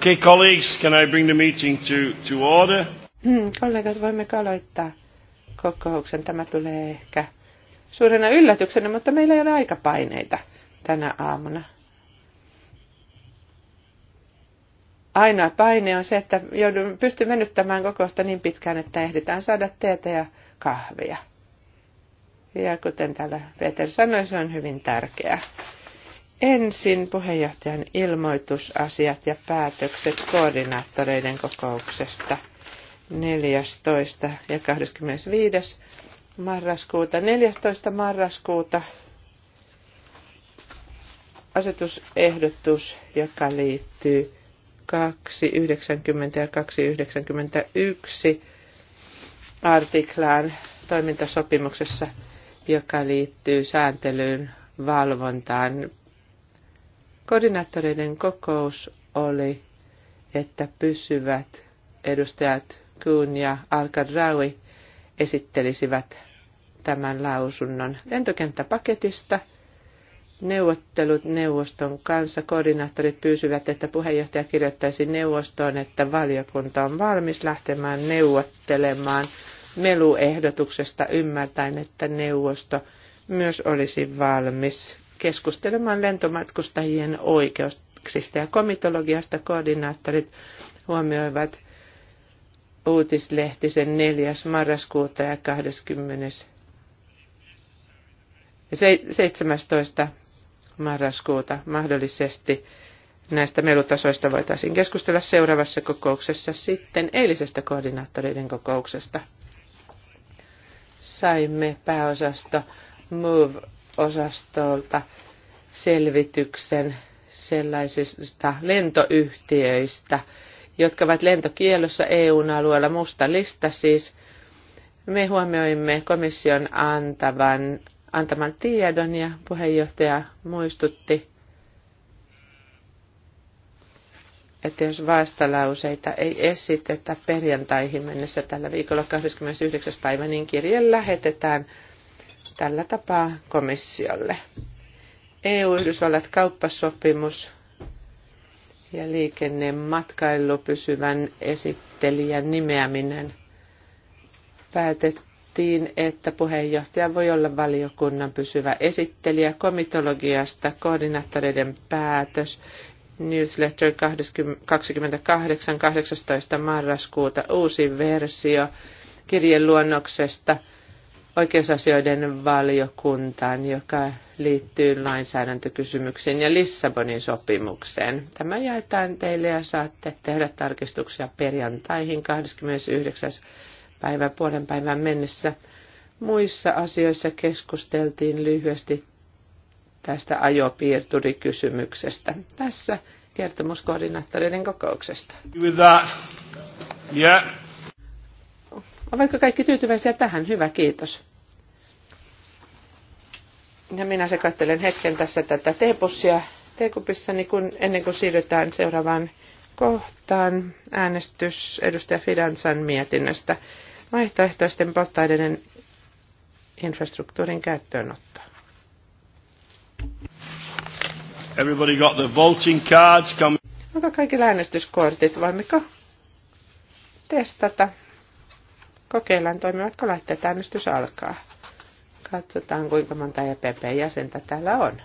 Okay, colleagues, can I bring the meeting to, to order? Mm, kollegat, voimmeko aloittaa kokouksen? Tämä tulee ehkä suurena yllätyksenä, mutta meillä ei ole aikapaineita tänä aamuna. Ainoa paine on se, että joudun, pysty venyttämään kokousta niin pitkään, että ehditään saada teetä ja kahvia. Ja kuten täällä Peter sanoi, se on hyvin tärkeää. Ensin puheenjohtajan ilmoitusasiat ja päätökset koordinaattoreiden kokouksesta 14. ja 25. marraskuuta. 14. marraskuuta asetusehdotus, joka liittyy 290 ja 291 artiklaan toimintasopimuksessa, joka liittyy sääntelyyn, valvontaan, Koordinaattoreiden kokous oli, että pysyvät edustajat Kuhn ja Alkadraui esittelisivät tämän lausunnon lentokenttäpaketista. Neuvottelut neuvoston kanssa koordinaattorit pyysivät, että puheenjohtaja kirjoittaisi neuvostoon, että valiokunta on valmis lähtemään neuvottelemaan meluehdotuksesta ymmärtäen, että neuvosto myös olisi valmis keskustelemaan lentomatkustajien oikeuksista ja komitologiasta koordinaattorit huomioivat uutislehtisen 4. marraskuuta ja 20. 17. marraskuuta mahdollisesti näistä melutasoista voitaisiin keskustella seuraavassa kokouksessa sitten eilisestä koordinaattoreiden kokouksesta. Saimme pääosasta Move osastolta selvityksen sellaisista lentoyhtiöistä, jotka ovat lentokielossa eu alueella musta lista siis. Me huomioimme komission antavan, antaman tiedon ja puheenjohtaja muistutti, että jos vastalauseita ei esitetä perjantaihin mennessä tällä viikolla 29. päivä, niin kirje lähetetään – tällä tapaa komissiolle. EU-Yhdysvallat kauppasopimus ja liikennematkailu pysyvän esittelijän nimeäminen päätettiin, että puheenjohtaja voi olla valiokunnan pysyvä esittelijä komitologiasta koordinaattoreiden päätös newsletter 28. 18. marraskuuta uusi versio kirjeluonnoksesta – oikeusasioiden valiokuntaan, joka liittyy lainsäädäntökysymyksiin ja Lissabonin sopimukseen. Tämä jaetaan teille ja saatte tehdä tarkistuksia perjantaihin 29. päivä puolen päivän mennessä. Muissa asioissa keskusteltiin lyhyesti tästä ajopiirturikysymyksestä. Tässä kertomuskoordinaattoreiden kokouksesta. With that. Yeah. Ovatko kaikki tyytyväisiä tähän? Hyvä, kiitos. Ja minä sekoittelen hetken tässä tätä teepussia niin kun ennen kuin siirrytään seuraavaan kohtaan äänestys edustaja Fidansan mietinnöstä vaihtoehtoisten polttoaineiden infrastruktuurin käyttöönotto. Everybody got the voting cards. Come. Onko kaikki äänestyskortit? Voimmeko testata? Kokeillaan, toimivatko laitteet. Äänestys alkaa. Katsotaan, kuinka monta EPP-jäsentä täällä on.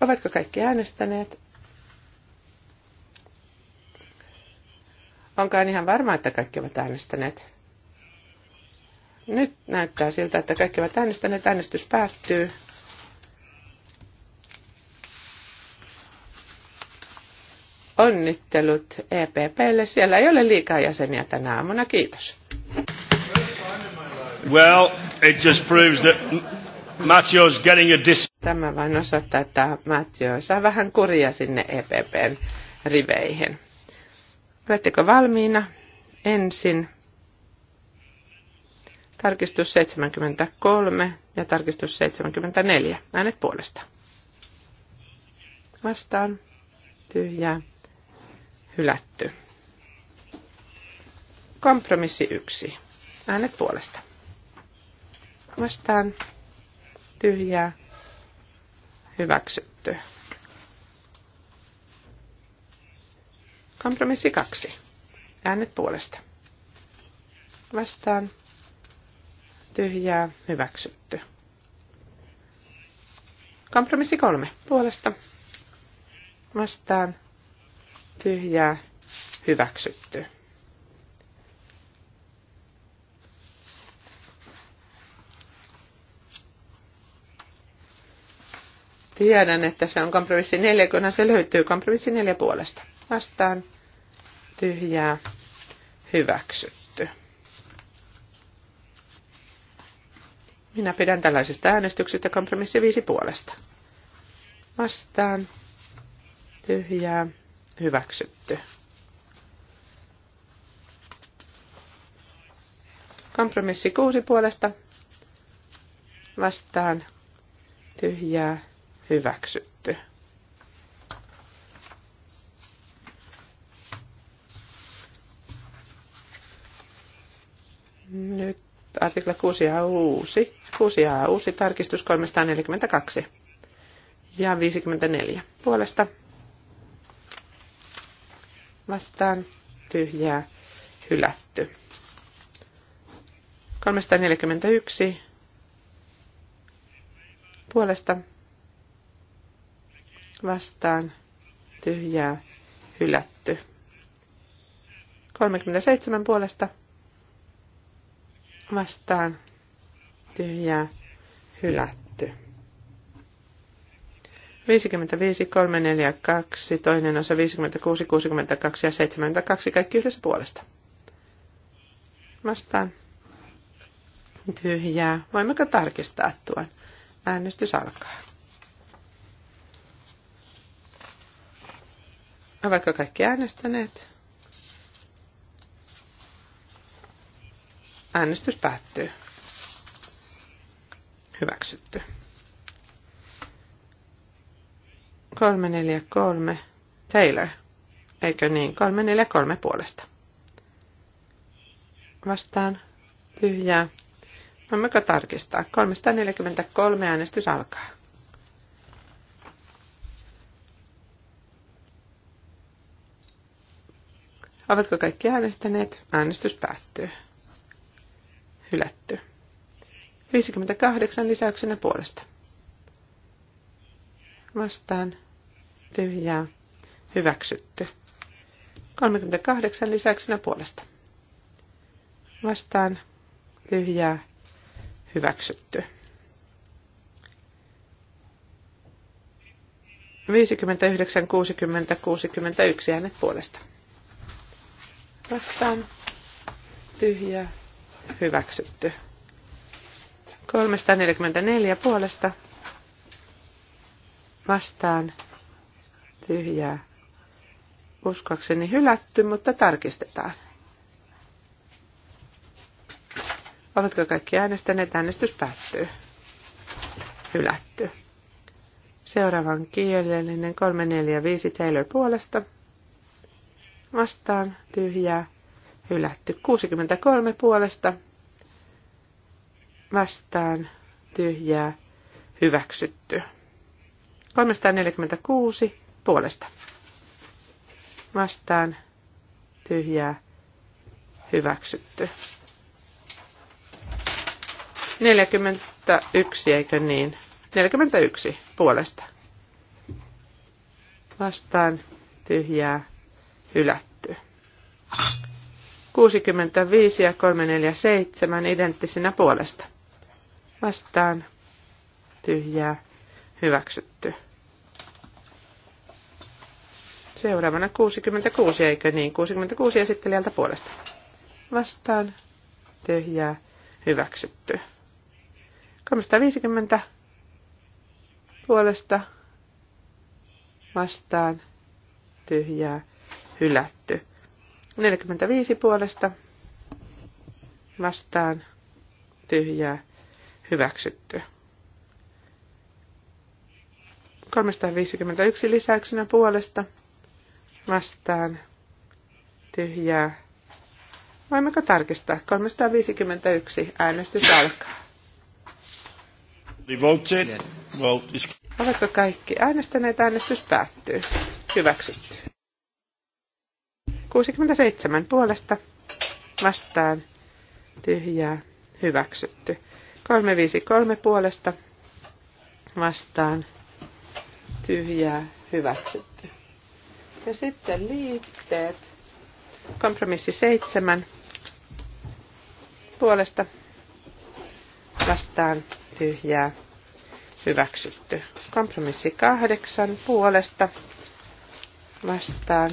Ovatko kaikki äänestäneet? Onkaan ihan varma, että kaikki ovat äänestäneet. Nyt näyttää siltä, että kaikki ovat äänestäneet. Äänestys päättyy. Onnittelut EPPlle. Siellä ei ole liikaa jäseniä tänä aamuna. Kiitos. Well, it just proves that Matthew's getting a dis- Tämä vain osoittaa, että Matthew saa vähän kuria sinne EPPn riveihin. Oletteko valmiina? Ensin tarkistus 73 ja tarkistus 74. Äänet puolesta. Vastaan. Tyhjää hylätty. Kompromissi yksi. Äänet puolesta. Vastaan tyhjää hyväksytty. Kompromissi kaksi. Äänet puolesta. Vastaan tyhjää hyväksytty. Kompromissi kolme puolesta. Vastaan tyhjää hyväksytty. Tiedän, että se on kompromissi neljä, kunhan se löytyy kompromissi neljä puolesta. Vastaan tyhjää hyväksytty. Minä pidän tällaisesta äänestyksestä kompromissi viisi puolesta. Vastaan tyhjää hyväksytty. Kompromissi kuusi puolesta vastaan tyhjää hyväksytty. Nyt artikla 6 ja uusi. 6 ja uusi tarkistus 342 ja 54 puolesta vastaan tyhjää hylätty. 341 puolesta vastaan tyhjää hylätty. 37 puolesta vastaan tyhjää hylätty. 55, 342, toinen osa 56, 62 ja 72, kaikki yhdessä puolesta. Vastaan. Tyhjää. Voimmeko tarkistaa tuon? Äänestys alkaa. Ovatko kaikki äänestäneet? Äänestys päättyy. Hyväksytty. 343 Taylor. Eikö niin? 343 puolesta. Vastaan tyhjää. Voimmeko tarkistaa? 343 äänestys alkaa. Ovatko kaikki äänestäneet? Äänestys päättyy. Hylätty. 58 lisäyksenä puolesta. Vastaan tyhjää, hyväksytty. 38 lisäyksenä puolesta. Vastaan tyhjää, hyväksytty. 59, 60, 61 äänet puolesta. Vastaan tyhjää, hyväksytty. 344 puolesta vastaan tyhjää. Uskakseni hylätty, mutta tarkistetaan. Ovatko kaikki äänestäneet? Äänestys päättyy. Hylätty. Seuraavan kielellinen 345 Taylor puolesta. Vastaan tyhjää. Hylätty. 63 puolesta. Vastaan tyhjää. Hyväksytty. 346 puolesta. Vastaan tyhjää hyväksytty. 41, eikö niin? 41 puolesta. Vastaan tyhjää hylätty. 65 ja 347 identtisinä puolesta. Vastaan tyhjää hyväksytty. Seuraavana 66, eikö niin? 66 esittelijältä puolesta. Vastaan. Tyhjää. Hyväksytty. 350 puolesta. Vastaan. Tyhjää. Hylätty. 45 puolesta. Vastaan. Tyhjää. Hyväksytty. 351 lisäyksenä puolesta vastaan tyhjää. Voimmeko tarkistaa? 351 äänestys alkaa. Yes. Oletko kaikki äänestäneet? Äänestys päättyy. Hyväksytty. 67 puolesta vastaan tyhjää hyväksytty. 353 puolesta vastaan tyhjää hyväksytty. Ja sitten liitteet. Kompromissi seitsemän. Puolesta vastaan tyhjää hyväksytty. Kompromissi kahdeksan puolesta vastaan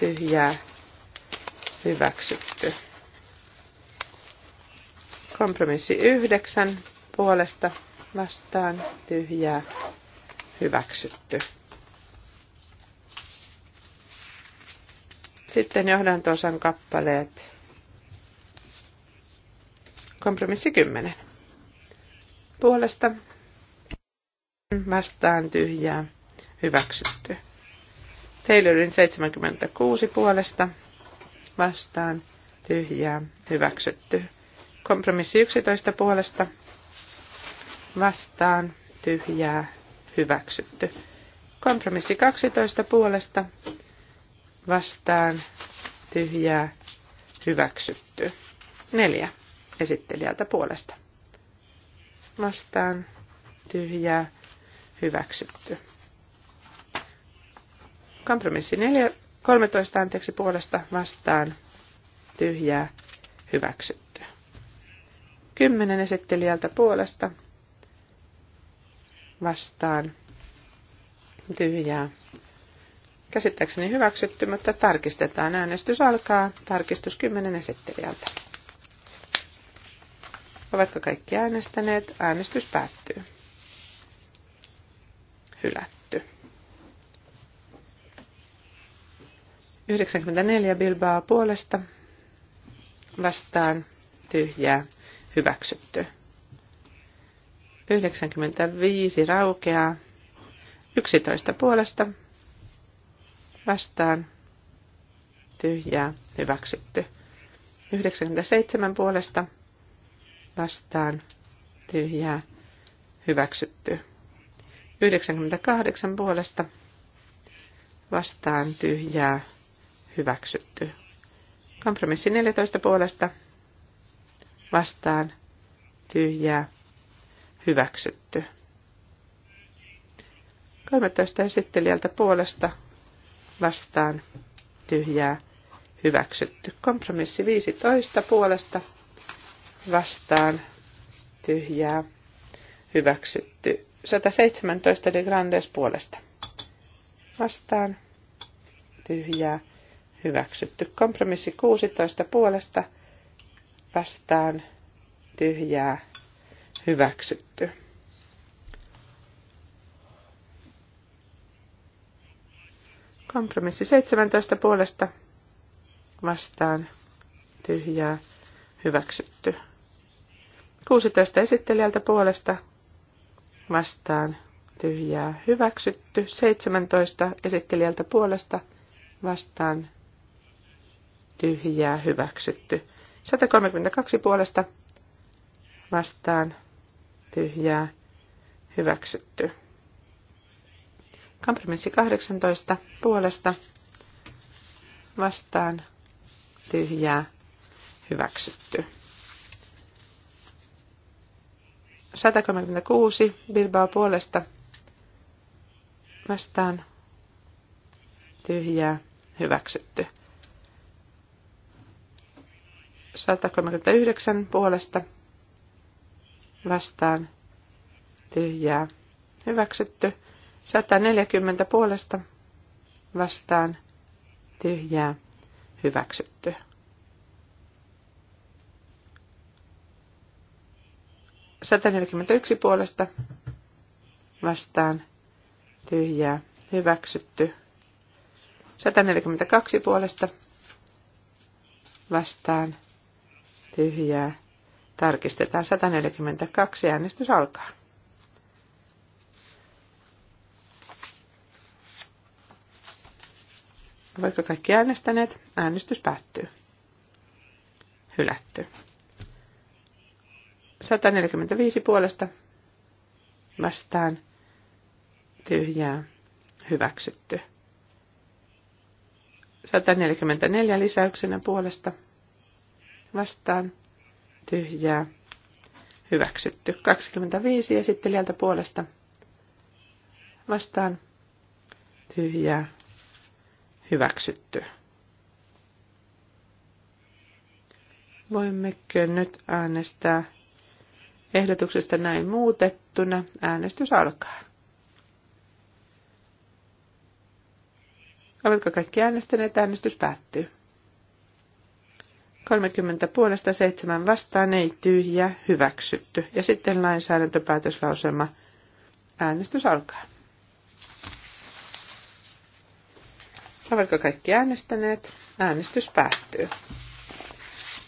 tyhjää hyväksytty. Kompromissi yhdeksän puolesta vastaan tyhjää hyväksytty. Sitten johdantosan kappaleet. Kompromissi 10. Puolesta vastaan tyhjää hyväksytty. Taylorin 76 puolesta vastaan tyhjää hyväksytty. Kompromissi 11 puolesta vastaan tyhjää hyväksytty. Kompromissi 12 puolesta vastaan tyhjää hyväksytty. Neljä esittelijältä puolesta. Vastaan tyhjää hyväksytty. Kompromissi 4, 13 anteeksi puolesta vastaan tyhjää hyväksytty. Kymmenen esittelijältä puolesta vastaan tyhjää Käsittääkseni hyväksytty, mutta tarkistetaan. Äänestys alkaa. Tarkistus 10 esittelijältä. Ovatko kaikki äänestäneet? Äänestys päättyy. Hylätty. 94 Bilbaa puolesta vastaan tyhjää hyväksytty. 95 raukeaa 11 puolesta vastaan tyhjää hyväksytty. 97 puolesta vastaan tyhjää hyväksytty. 98 puolesta vastaan tyhjää hyväksytty. Kompromissi 14 puolesta vastaan tyhjää hyväksytty. 13 esittelijältä puolesta vastaan tyhjää hyväksytty. Kompromissi 15 puolesta vastaan tyhjää hyväksytty. 117 de Grandes puolesta vastaan tyhjää hyväksytty. Kompromissi 16 puolesta vastaan tyhjää hyväksytty. Kompromissi 17 puolesta vastaan tyhjää hyväksytty. 16 esittelijältä puolesta vastaan tyhjää hyväksytty. 17 esittelijältä puolesta vastaan tyhjää hyväksytty. 132 puolesta vastaan tyhjää hyväksytty. Kompromissi 18 puolesta vastaan tyhjää hyväksytty. 136 Bilbao puolesta vastaan tyhjää hyväksytty. 139 puolesta vastaan tyhjää hyväksytty. 140 puolesta vastaan tyhjää hyväksytty. Sata yksi puolesta vastaan tyhjää hyväksytty. Sata kaksi puolesta vastaan tyhjää. Tarkistetaan sata kaksi Äänestys alkaa. Ovatko kaikki äänestäneet? Äänestys päättyy. Hylätty. 145 puolesta vastaan tyhjää hyväksytty. 144 lisäyksenä puolesta vastaan tyhjää hyväksytty. 25 esittelijältä puolesta vastaan tyhjää Hyväksytty. Voimmekö nyt äänestää ehdotuksesta näin muutettuna? Äänestys alkaa. Oletko kaikki äänestäneet? Äänestys päättyy. 30 puolesta 7 vastaan ei tyhjä hyväksytty. Ja sitten lainsäädäntöpäätöslauselma. Äänestys alkaa. Ovatko kaikki äänestäneet? Äänestys päättyy.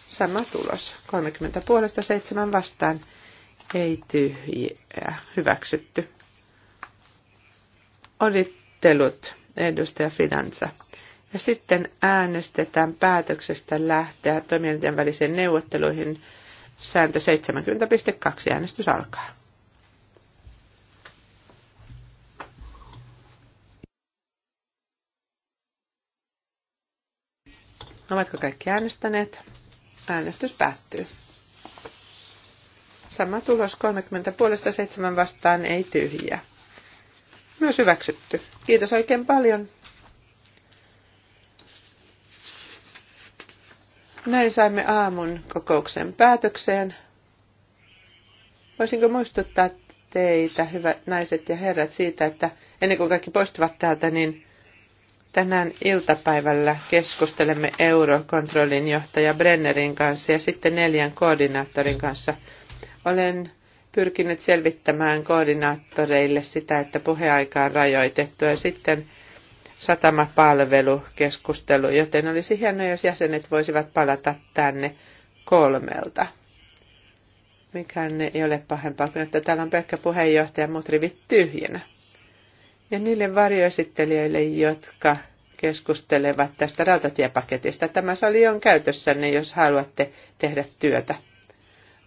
Sama tulos. 30 puolesta 7 vastaan. Ei tyhjää. Hyväksytty. Odittelut, edustaja Finansa. Ja sitten äänestetään päätöksestä lähteä toimijoiden välisiin neuvotteluihin. Sääntö 70.2. Äänestys alkaa. Ovatko kaikki äänestäneet? Äänestys päättyy. Sama tulos 30 puolesta 7 vastaan ei tyhjiä. Myös hyväksytty. Kiitos oikein paljon. Näin saimme aamun kokouksen päätökseen. Voisinko muistuttaa teitä, hyvät naiset ja herrat, siitä, että ennen kuin kaikki poistuvat täältä, niin Tänään iltapäivällä keskustelemme Eurokontrollin johtaja Brennerin kanssa ja sitten neljän koordinaattorin kanssa. Olen pyrkinyt selvittämään koordinaattoreille sitä, että puheaika on rajoitettu ja sitten satamapalvelukeskustelu, joten olisi hienoa, jos jäsenet voisivat palata tänne kolmelta. Mikään ei ole pahempaa kuin, että täällä on pelkkä puheenjohtaja, mutta rivit tyhjänä ja niille varjoesittelijöille, jotka keskustelevat tästä rautatiepaketista. Tämä sali on käytössänne, jos haluatte tehdä työtä.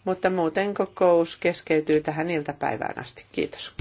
Mutta muuten kokous keskeytyy tähän iltapäivään asti. Kiitos.